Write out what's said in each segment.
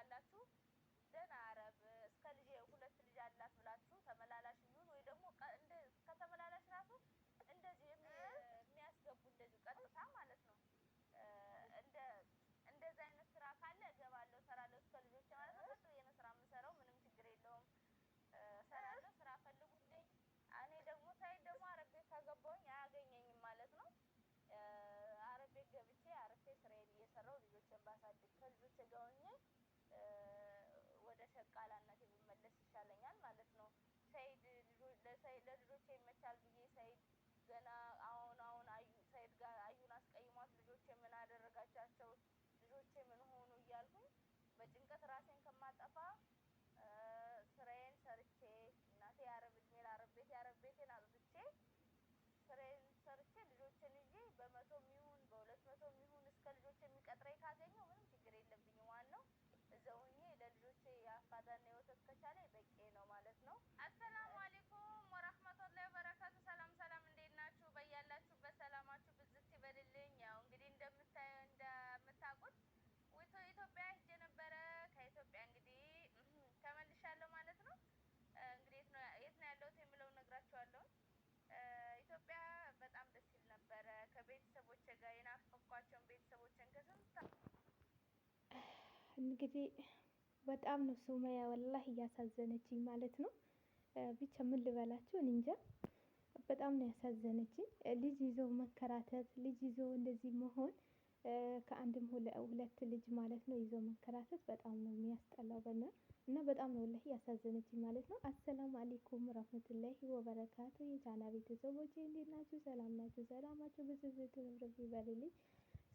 ካላችሁ 지금까지 እንግዲህ በጣም ነው ሱመያ ወላህ እያሳዘነችኝ ማለት ነው። ብቻ ምን ልበላችሁ እንጃ በጣም ነው ያሳዘነችኝ። ልጅ ይዞ መንከራተት፣ ልጅ ይዞ እንደዚህ መሆን ከአንድም ሁለት ልጅ ማለት ነው ይዞ መንከራተት በጣም ነው የሚያስጠላው በና እና በጣም ነው ወላሂ ያሳዘነችኝ ማለት ነው። አሰላሙ አሌይኩም ረህመቱላሂ ወበረካቱ የቻና ቤተሰቦች እንዴት ናችሁ? ሰላም ናችሁ? ሰላማችሁ ብዙ ብዙ ይበልልኝ።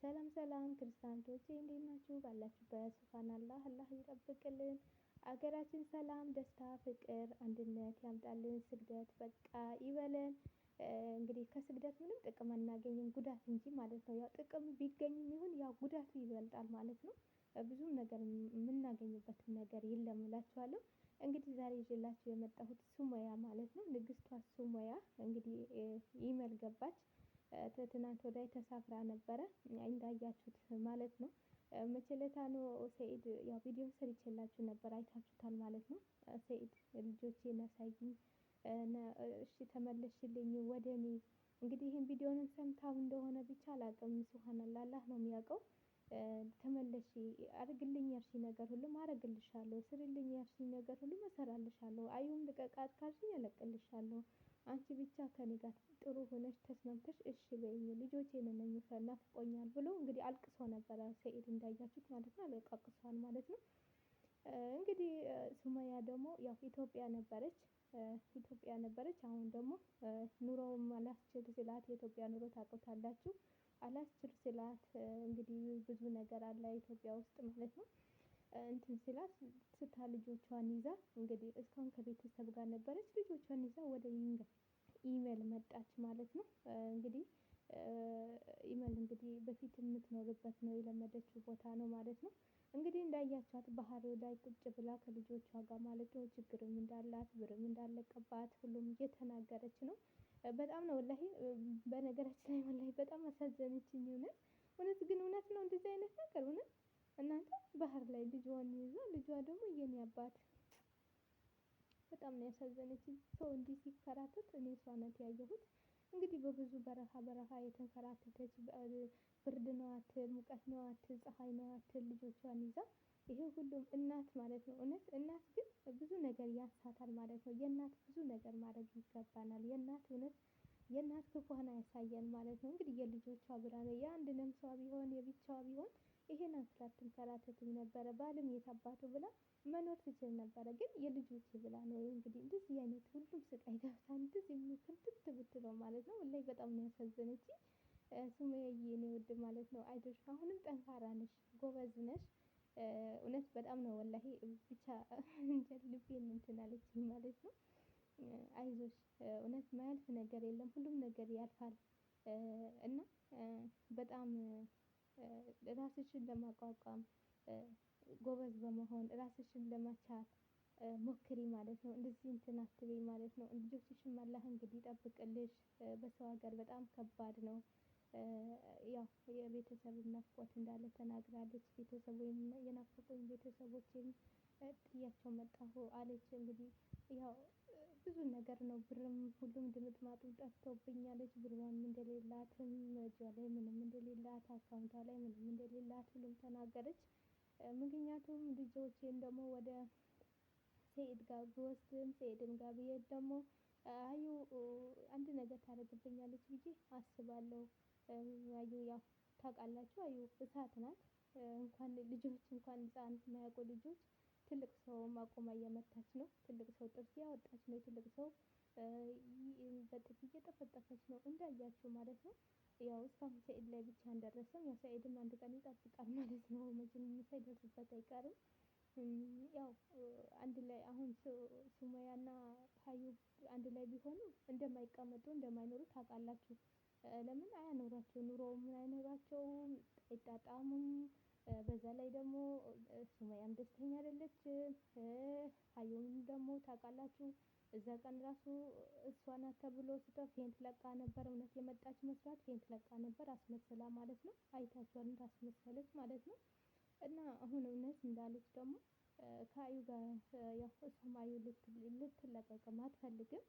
ሰላም ሰላም ክርስቲያኖቼ እንዴት ናችሁ? ባላችሁበት ስብሃን አላህ አላህ ይጠብቅልን። አገራችን ሰላም፣ ደስታ፣ ፍቅር፣ አንድነት ያምጣልን። ስግደት በቃ ይበለን። እንግዲህ ከስግደት ምንም ጥቅም አናገኝም ጉዳት እንጂ ማለት ነው። ያው ጥቅም ቢገኝም ይሁን ያው ጉዳቱ ይበልጣል ማለት ነው። ብዙም ነገር የምናገኝበት ነገር የለም እላችኋለሁ። እንግዲህ ዛሬ ይዤላችሁ የመጣሁት ሱሙያ ማለት ነው። ንግስቷ ሱሙያ እንግዲህ ይመል ገባች ትናንት ወዲያ ተሳፍራ ነበረ እንዳያችሁት ማለት ነው። መቼለታ ነው ሰኢድ ያው ቪዲዮ ሰርቼላችሁ ነበር አይታችሁታል ማለት ነው። ሰኢድ ልጆቼ አሳይኝ እሺ ተመለሽልኝ ወደ እኔ እንግዲህ ይህን ቪዲዮንም ሰምታው እንደሆነ ብቻ አላውቅም። ሱብሃነላህ አላህ ነው የሚያውቀው። ተመለሽ አድርግልኝ ያልሽኝ ነገር ሁሉም አደርግልሻለሁ፣ ስሪልኝ ያልሽኝ ነገር ሁሉም እሰራልሻለሁ፣ አዩን ልቀቃት ካልሽኝ እለቅልሻለሁ አንቺ ብቻ ከኔ ጋር ጥሩ ሆነሽ ተስማምተሽ እሺ በይኝ ልጆቼ ነን ናፍቆኛል ብሎ እንግዲህ አልቅሶ ነበረ ሰኢድ እንዳያችሁት ማለት ነው አለቃቅሷል ማለት ነው። እንግዲህ ሱመያ ደግሞ ያው ኢትዮጵያ ነበረች ኢትዮጵያ ነበረች አሁን ደግሞ ኑሮውም አላስችል ስላት የኢትዮጵያ ኑሮ ታውቁታላችሁ አላስችል ስላት እንግዲህ ብዙ ነገር አለ ኢትዮጵያ ውስጥ ማለት ነው። እንትን ስላት ስታ ልጆቿን ይዛ እንግዲህ እስካሁን ከቤተሰብ ጋር ነበረች። ልጆቿን ይዛ ወደ ኢሜል መጣች ማለት ነው። እንግዲህ ኢሜል እንግዲህ በፊት የምትኖርበት ነው የለመደችው ቦታ ነው ማለት ነው። እንግዲህ እንዳያችኋት ባህር ላይ ቁጭ ብላ ከልጆቿ ጋር ማለት ነው ችግርም እንዳላት ብርም እንዳለቀባት ሁሉም እየተናገረች ነው። በጣም ነው ወላሂ በነገራችን ላይ ወላሂ በጣም አሳዘነችኝ። እውነት እውነት ግን እውነት ነው እንደዚህ አይነት ነገር እውነት እናንተ ባህር ላይ ልጇን ይዛ ልጇ ደግሞ የኔ አባት በጣም ነው ያሳዘነች። ሰው እንዲህ ሲከራተት እኔ እሷ ናት ያየሁት። እንግዲህ በብዙ በረሃ በረሃ የተንከራተተች ብርድ ነው አትል፣ ሙቀት ነው አትል፣ ፀሐይ ነው አትል ልጆቿን ይዛ ይሄ ሁሉም እናት ማለት ነው። እውነት እናት ግን ብዙ ነገር ያሳታል ማለት ነው። የእናት ብዙ ነገር ማድረግ ይገባናል። የእናት እውነት የእናት ክፏን ያሳያል ማለት ነው። እንግዲህ የልጆቿ ብራ ነው የአንድ ነምሷ ቢሆን የብቻዋ ቢሆን ይሄን አትላትም ተላተትም ነበረ ባልም የታባቱ ብላ መኖር ትችል ነበረ። ግን የልጆች ብላ ነው እንግዲህ እንደዚህ አይነት ሁሉም ስቃይ ገብታ እንደዚህ የሚከብድ ብትለው ማለት ነው። ወላሂ በጣም ነው ያሳዘነችኝ። ሱመያዬ የኔ ውድ ማለት ነው አይዞሽ፣ አሁንም ጠንካራ ነሽ፣ ጎበዝ ነሽ። እውነት በጣም ነው ወላሂ ብቻ ልቤን እንትን አለችኝ ማለት ነው። አይዞሽ፣ እውነት ማያልፍ ነገር የለም፣ ሁሉም ነገር ያልፋል እና በጣም ራስሽን ለማቋቋም ጎበዝ በመሆን ራስሽን ለመቻል ሞክሪ ማለት ነው። እንደዚህ እንትን አትበይ ማለት ነው። ልጆችሽም አላህ እንግዲህ ይጠብቅልሽ። በሰው ሀገር በጣም ከባድ ነው። ያው የቤተሰብ ናፍቆት እንዳለ ተናግራለች። ቤተሰብ ወይም የናፈቁኝ ቤተሰቦቼን ጥያቸው መጣሁ አለች። እንግዲህ ያው ብዙ ነገር ነው ብርም ሁሉም ድምጥማጡም ጠፍቶብኛለች። ብርም እንደሌላትም እጇ ላይ ምንም እንደሌላት አካውንቷ ላይ ምንም እንደሌላት ሁሉም ተናገረች። ምክንያቱም ልጆቼን ደግሞ ወደ ሰኢድ ጋር ብወስድም ሰኢድን ጋር ብሄድ ደግሞ አዩ አንድ ነገር ታደርግብኛለች ብዬ አስባለሁ። አዩ ያው ታውቃላችሁ፣ አዩ እሳት ናት። እንኳን ልጆች እንኳን ህጻን የማያውቁ ልጆች ትልቅ ሰው ማቆማ እየመታች ነው። ትልቅ ሰው ጥርስ እያወጣች ነው። ትልቅ ሰው በጥፊ እየጠፈጠፈች ነው እንዳያችሁ ማለት ነው። ያው እስካሁን ሰኢድ ላይ ብቻ አልደረሰም። ያው ሰኢድም አንድ ቀን ይጠብቃል ማለት ነው። መቼም ሳይደርስበት አይቀርም። ያው አንድ ላይ አሁን እና ሀዩ አንድ ላይ ቢሆኑ እንደማይቀመጡ እንደማይኖሩ ታውቃላችሁ። ለምን አያኖራቸው ኑሮውም አይኖራቸውም አይጣጣሙም። በዛ ላይ ደግሞ ሱመያም ደስተኛ አይደለችም። ሀዩም ደግሞ ታውቃላችሁ እዛ ቀን ራሱ እሷ ናት ተብሎ ስጠው ፌንት ለቃ ነበር። እውነት የመጣች መስራት ፌንት ለቃ ነበር አስመስላ ማለት ነው። አይታችኋል፣ እንዳስመሰለች ማለት ነው። እና አሁን እውነት እንዳለች ደግሞ ከአዩ ጋር ያው እሷም አዩ ልትለቀቅም አትፈልግም።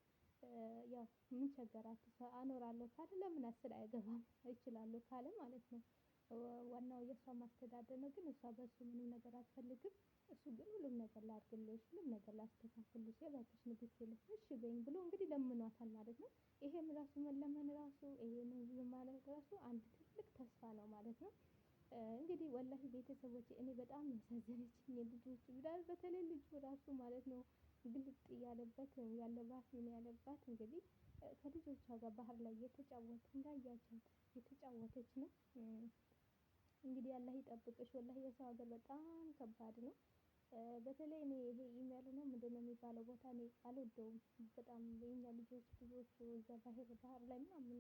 ያው ምን ቸገራት? አኖራለሁ ካለ ለምን አስር አይገባም ይችላለሁ ካለ ማለት ነው ዋናው የእሷ ማስተዳደር ነው። ግን እሷ በእሱ ምንም ነገር አትፈልግም። እሱ ግን ሁሉም ነገር ላድርግልሽ፣ ሁሉም ነገር ላስተካክልሽ፣ የባክሽ ንግስት ልሽ እሺ በይኝ ብሎ እንግዲህ ለምኗታል ማለት ነው። ይሄም ራሱ መለመን ራሱ ይሄን ህዝብ ማለት ራሱ አንድ ትልቅ ተስፋ ነው ማለት ነው። እንግዲህ ወላሂ ቤተሰቦች እኔ በጣም ያሳዘነችኝ የልጆች ብዳል በተለይ ልጁ ራሱ ማለት ነው ግልጥ እያለበት ያለባት ምን ያለባት እንግዲህ ከልጆቿ ጋር ባህር ላይ እየተጫወቱ እንዳያቸው የተጫወተች ነው። እንግዲህ አላህ ይጠብቅሽ። ወላሂ የሰው ሀገር በጣም ከባድ ነው። በተለይ እኔ ይሄ ኢሜል ነው ምንድን ነው የሚባለው ቦታ እኔ አልወደውም በጣም የኛ ልጆች ብዙዎቹ እዛ ባህር ባህር ላይ ምናምን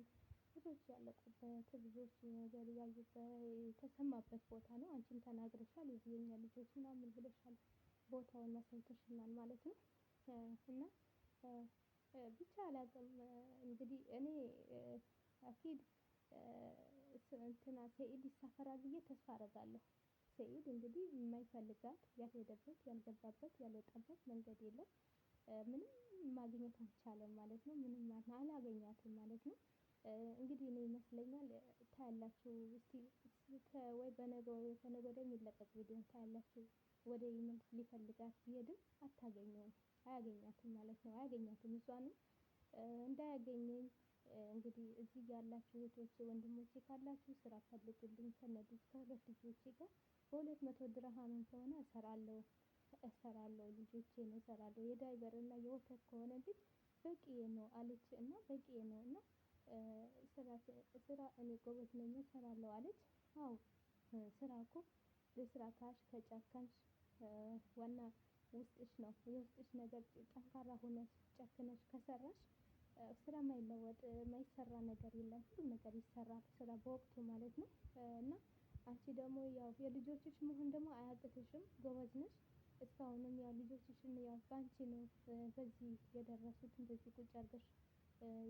ብዙዎች ያለቁበት ብዙዎች ነገር ያዩበት የተሰማበት ቦታ ነው። አንቺም ተናግረሻል የዚህ የኛ ልጆች ምናምን ብለሻል። ቦታውን አሳይተሽናል ማለት ነው እና ብቻ አላቅም እንግዲህ እኔ አኪድ እንትና ሰኢድ ይሳፈራል ብዬ ተስፋ አደርጋለሁ። ሰኢድ እንግዲህ የማይፈልጋት ያልሄደበት ያልገባበት ያልወጣበት መንገድ የለም። ምንም ማግኘት አልቻለም ማለት ነው። ምንም አላገኛትም ማለት ነው። እንግዲህ እኔ ይመስለኛል ታያላችሁ። እስቲ ወይ በነገ ወይ ከነገ ወዲያ የሚለቀቅ ቪዲዮ ታያላችሁ። ወደ የመን ሊፈልጋት ቢሄድም አታገኘውም፣ አያገኛትም ማለት ነው። አያገኛትም እሷንም እንዳያገኘኝ እንግዲህ እዚህ ያላችሁ እህቶቼ ወንድሞቼ ካላችሁ ስራ ፈልጉልኝ ከነዚህ ከሁለት ልጆቼ ጋር በሁለት መቶ ድርሃምም ከሆነ እሰራለሁ እሰራለሁ ልጆቼን እሰራለሁ የዳይቨር እና የወተት ከሆነ ግን በቂ ነው አለች እና በቂ ነው እና ስራ እኔ ጎበዝ ነኝ እሰራለሁ አለች። አዎ ስራ እኮ የስራ ካሽ ከጨከንሽ ዋና ውስጥሽ ነው የውስጥሽ ነገር ጠንካራ ሆነሽ ጨክነሽ ከሰራሽ ስለማይለወጥ የማይሰራ ነገር የለም። ሁሉም ነገር ይሰራል ስራ በወቅቱ ማለት ነው። እና አንቺ ደግሞ ያው የልጆችሽ መሆን ደግሞ አያቅትሽም ጎበዝ ነሽ። እስካሁንም ያው ልጆችሽን ያው በአንቺ ነው በዚህ የደረሱት እንደዚህ ቁጭ አድርገሽ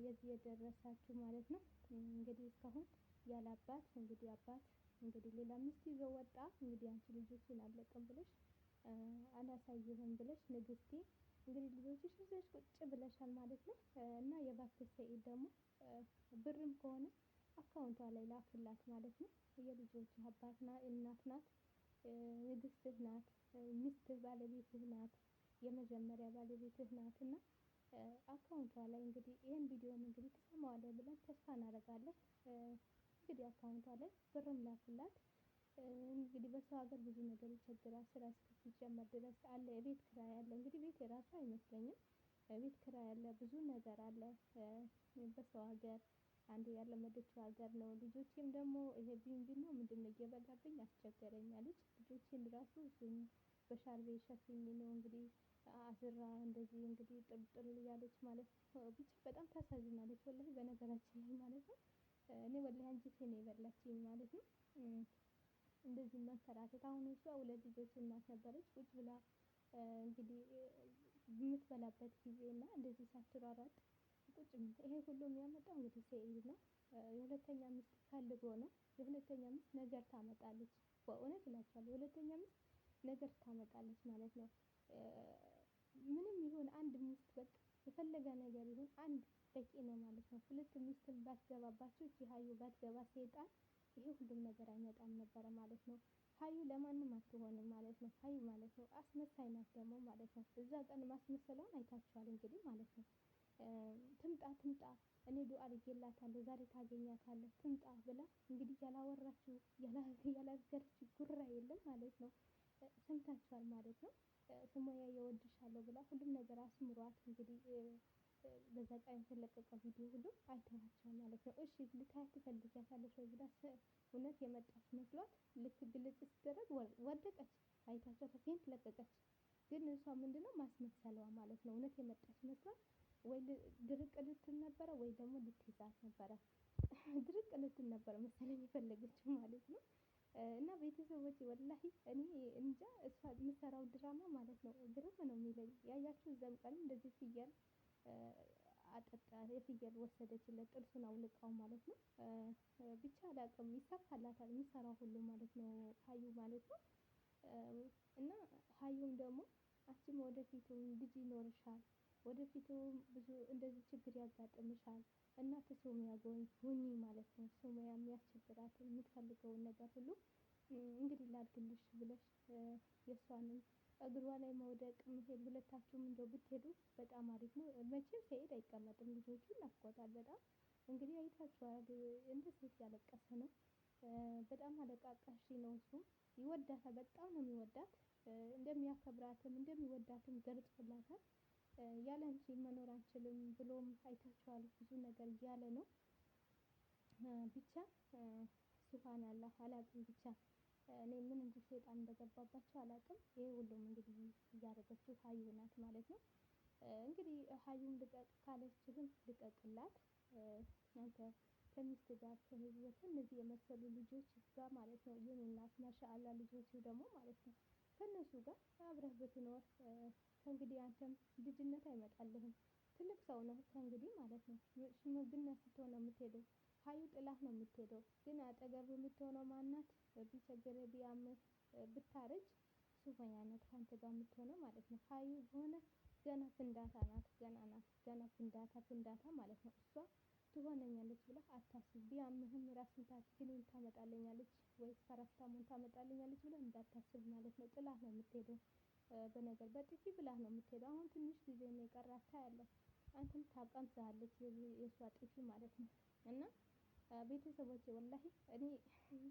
የዚህ የደረሳችሁ ማለት ነው። እንግዲህ እስካሁን ያለ አባት እንግዲህ አባት እንግዲህ ሌላ ሚስት ይዞ ወጣ። እንግዲህ አንቺ ልጆችን አለቅም ብለሽ አላሳይህም ብለሽ ንግስቴ እንግዲህ ልጆችሽ ይዘሽ ቁጭ ብለሻል ማለት ነው። እና የባክሽ ሰኢድ ደግሞ ብርም ከሆነ አካውንቷ ላይ ላክላት ማለት ነው። የልጆች አባት እናት ናት፣ ንግስትህ ናት፣ ሚስትህ ባለቤትህ ናት፣ የመጀመሪያ ባለቤትህ ናት እና አካውንቷ ላይ እንግዲህ ይህን ቪዲዮን እንግዲህ ትሰማዋለህ ብለን ተስፋ እናደርጋለን። እንግዲህ አካውንቷ ላይ ብርም ላክላት። እንግዲህ በሰው ሀገር ብዙ ነገር ይቸግራል። ስራ እስኪጀመር ድረስ አለ የቤት ኪራይ አለ። እንግዲህ ቤት የራሱ አይመስለኝም። ቤት ኪራይ አለ፣ ብዙ ነገር አለ። በሰው ሀገር አንዱ ያለመደችው ሀገር ነው። ልጆቼም ደግሞ ይሄ ቢንቢ ነው ምንድነው እየበላብኝ አስቸገረኝ አለች። ልጆቼን ራሱ እሱም በሻርቤ ሸፍኜ ነው እንግዲህ አዝራ እንደዚህ እንግዲህ ጥልጥል እያለች ማለት ነው። ብቻ በጣም ታሳዝናለች ወላሂ በነገራችን ላይ ማለት ነው። እኔ ወላሂ አንጀቴ ነው የበላችኝ ማለት ነው። እንደዚህ መከራተት። አሁን እሷ ሁለት ልጆች እናት ነበረች። ቁጭ ብላ እንግዲህ የምትበላበት ጊዜ እና እንደዚህ ሳትሯሯጥ ቁጭ ይሄ ሁሉ የሚያመጣው እንግዲህ ሰኢድ ነው። የሁለተኛ ሚስት ፈልጎ ነው። የሁለተኛ ሚስት ነገር ታመጣለች። በእውነት እላቸዋለሁ የሁለተኛ ሚስት ነገር ታመጣለች ማለት ነው። ምንም ይሁን አንድ ሚስት በቃ የፈለገ ነገር ይሁን አንድ በቂ ነው ማለት ነው። ሁለት ሚስትን ባትገባባችሁ ይህ ሀዩ ባትገባ ሴጣን ይሄ ሁሉም ነገር አይመጣም ነበረ ማለት ነው። ሀዩ ለማንም አትሆንም ማለት ነው። ሀዩ ማለት ነው አስመሳይ ናት ደግሞ ማለት ነው። እዛ ቀን ማስመሰሏን አይታችኋል እንግዲህ ማለት ነው። ትምጣ ትምጣ እኔ ዱአ አድርጌላታለሁ ዛሬ ታገኛታለህ ትምጣ ብላ እንግዲህ ያላወራችው ያላዘረችው ጉራ የለም ማለት ነው። ሰምታችኋል ማለት ነው። ስሙያ እወድሻለሁ ብላ ሁሉም ነገር አስምሯት እንግዲህ በዛ ቀን የተለቀቀው ቪዲዮ ሁሉ አይተናቸዋል ማለት ነው። እሺ ልታይ ትፈልጊያታለሽ ወይ ብላ እውነት የመጣች መስሏት ልክ ግልጽ ስትደረግ ወደቀች። አይታቸው ፊንት ለቀቀች። ግን እሷ ምንድነው ማስመሰለዋ ማለት ነው። እውነት የመጣች መስሏት ወይ ድርቅ ልትል ነበረ ወይ ደግሞ ልትይዛት ነበረ። ድርቅ ልትል ነበረ መሰለኝ የፈለገችው ማለት ነው። እና ቤተሰቦች ወላሂ እኔ እንጃ እሷ የምሰራው ድራማ ማለት ነው ግርም ነው የሚለኝ። ያያችሁ ዘምቀን እንደዚህ ሲያል አጠጣ የፍየል ወሰደችለት ጥርሱን አውልቃው ማለት ነው። ብቻ አላውቅም ይሳካላታል የሚሰራ ሁሉ ማለት ነው ሀዩ ማለት ነው። እና ሀዩም ደግሞ አስም ወደፊቱም ልጅ ይኖርሻል፣ ወደፊቱም ብዙ እንደዚህ ችግር ያጋጥምሻል እና ሱመያ ጎን ሁኚ ማለት ነው። ሱመያ የሚያስቸግራትን የምትፈልገውን ነገር ሁሉ እንግዲህ ላድርግልሽ ብለሽ የእሷንም እግሯ ላይ መውደቅ መሄድ ሁለታችሁም እንደው ብትሄዱ በጣም አሪፍ ነው። መቼም ሰኢድ አይቀመጥም። ልጆቹ ናፍቆታል በጣም እንግዲህ አይታችኋል። እንዴት እያለቀሰ ነው። በጣም አለቃቃሽ ነው። እሱ። ይወዳታል። በጣም ነው የሚወዳት። እንደሚያከብራትም እንደሚወዳትም ገልጾላታል። ያለ አንቺ መኖር አንችልም ብሎም አይታችኋል። ብዙ ነገር እያለ ነው ብቻ ሱብሃን አላቅም ብቻ እኔ ምን እንዲህ ሴጣን እንደገባባቸው አላውቅም። ይህ ሁሉም እንግዲህ እያደረገችው ሀዩ ናት ማለት ነው። እንግዲህ ሀዩን ልቀቅ ካለች ግን ልቀቅላት። አንተ ከሚስት ጋር ከህዝበት እነዚህ የመሰሉ ልጆች ጋር ማለት ነው የኔናት ማሻአላ ልጆቹ ደግሞ ማለት ነው ከእነሱ ጋር አብረህ ብትኖር ከእንግዲህ አንተም ልጅነት አይመጣልህም። ትልቅ ሰው ነው ከእንግዲህ ማለት ነው ሽምግልና ስትሆን ነው የምትሄደው። ሀዩ ጥላህ ነው የምትሄደው። ግን አጠገብ የምትሆነው ማናት? ቢቸግር ቢያምህ ብታረጅ ሱመያ ናት ከአንተ ጋር የምትሆነው ማለት ነው። ሀዩ የሆነ ገና ፍንዳታ ናት። ገና ናት። ገና ፍንዳታ ፍንዳታ ማለት ነው። እሷ ትሆነኛለች ብለህ አታስብ። ቢያምህም ራስን ታክሲን ታመጣለኛለች ወይ ፓራሲታሞን ታመጣለኛለች ብለህ እንዳታስብ ማለት ነው። ጥላህ ነው የምትሄደው። በነገር በጥፊ ብላህ ነው የምትሄደው። አሁን ትንሽ ጊዜ ነው የቀራት ታያለህ። አንተም ታቀምስሃለች የእሷ ጥፊ ማለት ነው እና ቤተሰቦቼ ወላሂ እኔ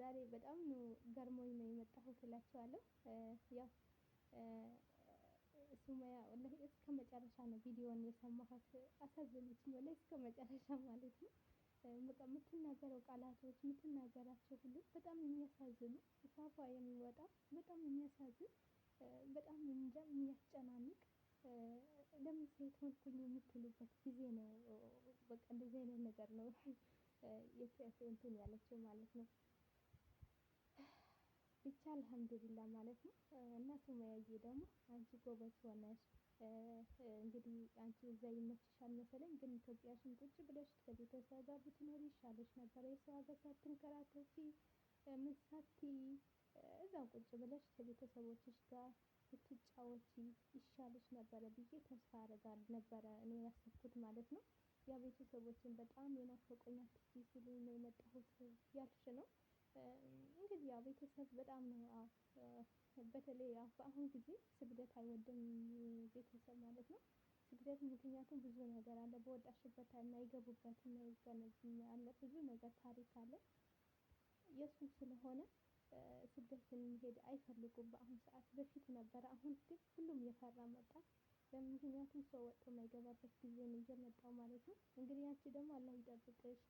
ዛሬ በጣም ነው ገርሞኝ ነው የመጣሁት እላቸዋለሁ። ያው ሱመያ ወላሂ እስከ መጨረሻ ነው ቪዲዮውን የሰማሁት። አሳዘነችኝ ወላሂ እስከ መጨረሻ ማለት ነው። በቃ የምትናገረው ቃላቶች የምትናገራቸው ሁሉ በጣም የሚያሳዝኑ ሳፏ የሚወጣ በጣም የሚያሳዝን በጣም እንጃ የሚያስጨናንቅ ለምን ሴት ሆንኩኝ የምትሉበት ጊዜ ነው በቃ እንደዚህ አይነት ነገር ነው እንትን ያለችው ማለት ነው። ብቻ አልሐምዱሊላ ማለት ነው። እና ሱመያዬ ደግሞ አንቺ ጎበዝ ሆነሽ እንግዲህ አንቺ እዛ ይመችሻል መሰለኝ፣ ግን ኢትዮጵያሽን ቁጭ ብለሽ ከቤተሰብ ጋር ብትኖሪ ይሻለሽ ነበረ። የሰው ሀገር ሳትንከራተቺ ምን ሳቲ እዛው ቁጭ ብለሽ ከቤተሰቦችሽ ጋር ብትጫወቺ ይሻለሽ ነበረ ብዬ ተስፋ አደርጋለሁ ነበረ እኔ ያሰብኩት ማለት ነው። ያ ቤተሰቦችን በጣም የናፈቁኝ አትሂጂ ሲሉኝ ነው የመጣሁት እያልሽ ነው። እንግዲህ ያው ቤተሰብ በጣም በተለይ በአሁኑ ጊዜ ስግደት አይወድም ቤተሰብ ማለት ነው። ስግደት ምክንያቱም ብዙ ነገር አለ በወጣሽበት የማይገቡበት አለ ብዙ ነገር ታሪክ አለ። የእሱም ስለሆነ ስደትን መሄድ አይፈልጉም በአሁኑ ሰዓት በፊት ነበረ አሁን ግን ሁሉም የፈራ መጣ። አይደለም። ምክንያቱም ሰው ወጥቶ የማይገባበት ጊዜ ነው እየመጣው ማለት ነው። እንግዲህ አንቺ ደግሞ አላህ ይጠብቅሽ።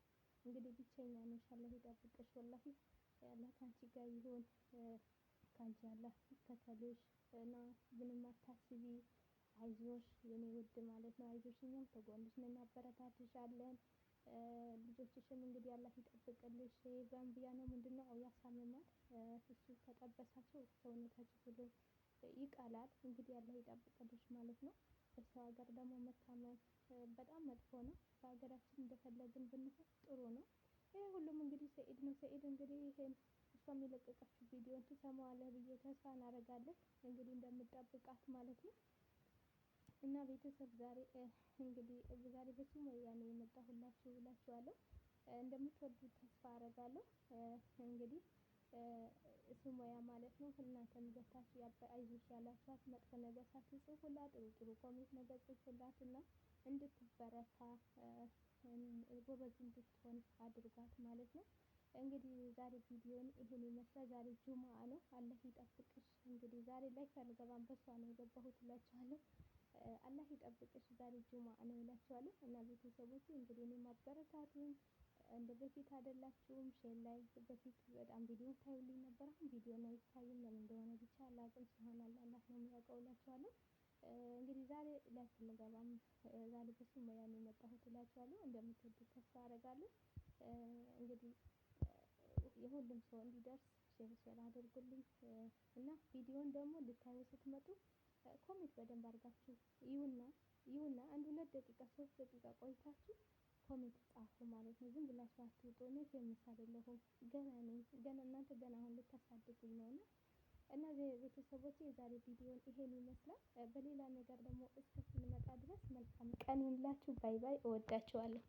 እንግዲህ ብቸኛ ነሽ፣ አላህ ይጠብቅሽ። ወላሂ አላህ ከአንቺ ጋር ይሁን፣ ከአንቺ አላህ ይከተልሽ እና ምንም አታስቢ፣ አይዞሽ የኔ ውድ ማለት ነው። አይዞሽ፣ እኛም ከጎንሽ ነን፣ እናበረታትሻለን። ልጆችሽም እንግዲህ አላህ ይጠብቅልሽ። ዛምቢያ ነው ምንድነው ያሳምማል። እሱ ከጠበሳቸው ሰውነታቸው ሁሉ ይቀላል። እንግዲህ ያለው ይጠብቅልሽ ማለት ነው። በሰው ሀገር ደግሞ መታመም በጣም መጥፎ ነው። በሀገራችን እንደፈለግን ብንሆን ጥሩ ነው። ይህ ሁሉም እንግዲህ ሰኢድ ነው። ሰኢድ እንግዲህ ይሄን እሷም የለቀቀችው ቪዲዮን ትሰማዋለህ ብዬ ተስፋ እናደርጋለን። እንግዲህ እንደምጠብቃት ማለት ነው። እና ቤተሰብ ዛሬ እንግዲህ ዛሬ በሱመያ ነው የመጣሁላችሁ ብላችኋለሁ። እንደምትወዱት ተስፋ አደርጋለሁ እንግዲህ ስሙያ ማለት ነው። እናንተም ገብታችሁ አይዞሽ ያላችኋት መጥፎ ነገር ሳትጽፉላ ጥሩ ጥሩ ኮሜንት ነገር ጽፉላት እና እንድትበረታ ጎበዝ እንድትሆን አድርጓት ማለት ነው። እንግዲህ ዛሬ ቪዲዮን ይህን ይመስላል። ዛሬ ጁሙአ ነው። አላህ ይጠብቅሽ። እንግዲህ ዛሬ ላይ አልገባም በሷ ነው የገባሁት እላችኋለሁ። አላህ ይጠብቅሽ። ዛሬ ጁሙአ ነው እላችኋለሁ እና ቤተሰቦች እንግዲህ እኔ ማበረታቱን እንደ በፊት አይደላችሁም። ሼር ላይ በፊት በጣም ቪዲዮ ይታዩልኝ ነበር። አሁን ቪዲዮ ነው ይታይም ለምን እንደሆነ ብቻ አላውቅም። ሲሆን አላህ ነው የሚያውቀው እላችኋለሁ። እንግዲህ ዛሬ ላይ ስንገባም ዛሬ በሱሙያ ነው የመጣሁት እላችኋለሁ። እንደምትወዱት ተስፋ አደርጋለሁ። እንግዲህ የሁሉም ሰው እንዲደርስ ሼር ሼር አድርጉልኝ እና ቪዲዮን ደግሞ ልታዩ ስትመጡ ኮሜንት በደንብ አድርጋችሁ ይሁና ይሁና አንድ ሁለት ደቂቃ ሶስት ደቂቃ ቆይታችሁ ኮሜንት ጻፉ ማለት ነው። ዝም ብላችሁ አትውጡ። እኔ ፌመስ አይደለሁም ገና ነኝ። ገና እናንተ ገና አሁን ልታሳድጉኝ ነው እና እና ቤተሰቦች የዛሬ ቪዲዮን ይሄን ይመስላል። በሌላ ነገር ደግሞ እስከምንመጣ ድረስ መልካም ቀን ይሁንላችሁ። ባይ ባይ። እወዳችኋለሁ።